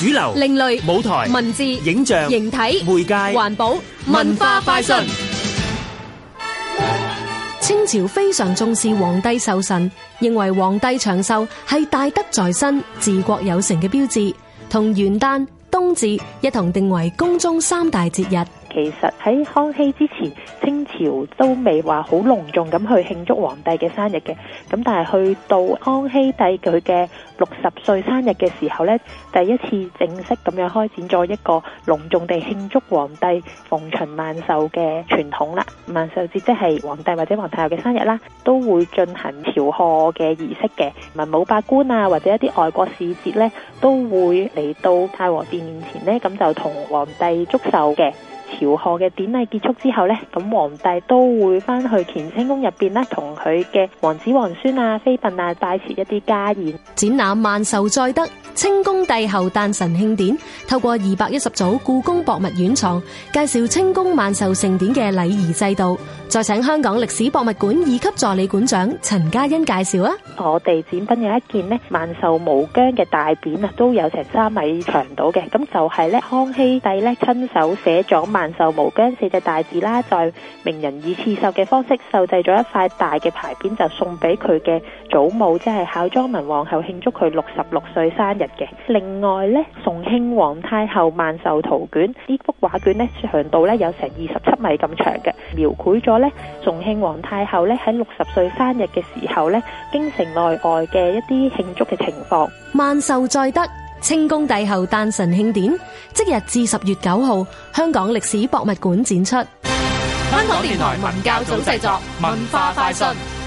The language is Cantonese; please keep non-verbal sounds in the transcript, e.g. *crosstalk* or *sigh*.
主流、另類、舞台、文字、影像、形體、媒介、環保、文化快訊。清朝非常重視皇帝壽辰，認為皇帝長壽係大德在身、治國有成嘅標誌，同元旦、冬至一同定為宮中三大節日。其實喺康熙之前，清朝都未話好隆重咁去慶祝皇帝嘅生日嘅。咁但係去到康熙帝佢嘅六十歲生日嘅時候呢，第一次正式咁樣開展咗一個隆重地慶祝皇帝逢旬萬壽嘅傳統啦。萬壽節即係皇帝或者皇太后嘅生日啦，都會進行朝賀嘅儀式嘅，文武百官啊，或者一啲外國使節呢，都會嚟到太和殿面前呢，咁就同皇帝祝壽嘅。朝賀嘅典禮結束之後呢，咁皇帝都會翻去乾清宮入邊咧，同佢嘅王子王孫啊、妃嬪啊，拜謝一啲家宴。展覽萬壽載德，清宮帝后誕辰慶典，透過二百一十組故宮博物院藏，介紹清宮萬壽盛典嘅禮儀制度。再請香港歷史博物館二級助理館長陳嘉欣介紹啊！ *noise* *noise* 我哋展品有一件咧，萬壽無疆嘅大匾啊，都有成三米長到嘅，咁就係咧，康熙帝咧親手寫咗萬壽無疆四隻大字啦，在、就是、名人以刺繡嘅方式，繡製咗一塊大嘅牌匾，就送俾佢嘅祖母，即係孝莊文皇后，慶祝佢六十六歲生日嘅。另外咧，崇慶皇太后萬壽圖卷呢幅畫卷呢，長度咧有成二十七米咁長嘅，描繪咗。咧，重慶皇太后咧喺六十歲生日嘅時候咧，京城內外嘅一啲慶祝嘅情況，萬壽在德，清宮帝后誕辰慶典，即日至十月九號，香港歷史博物館展出。香港電台文教組製作，文化快訊。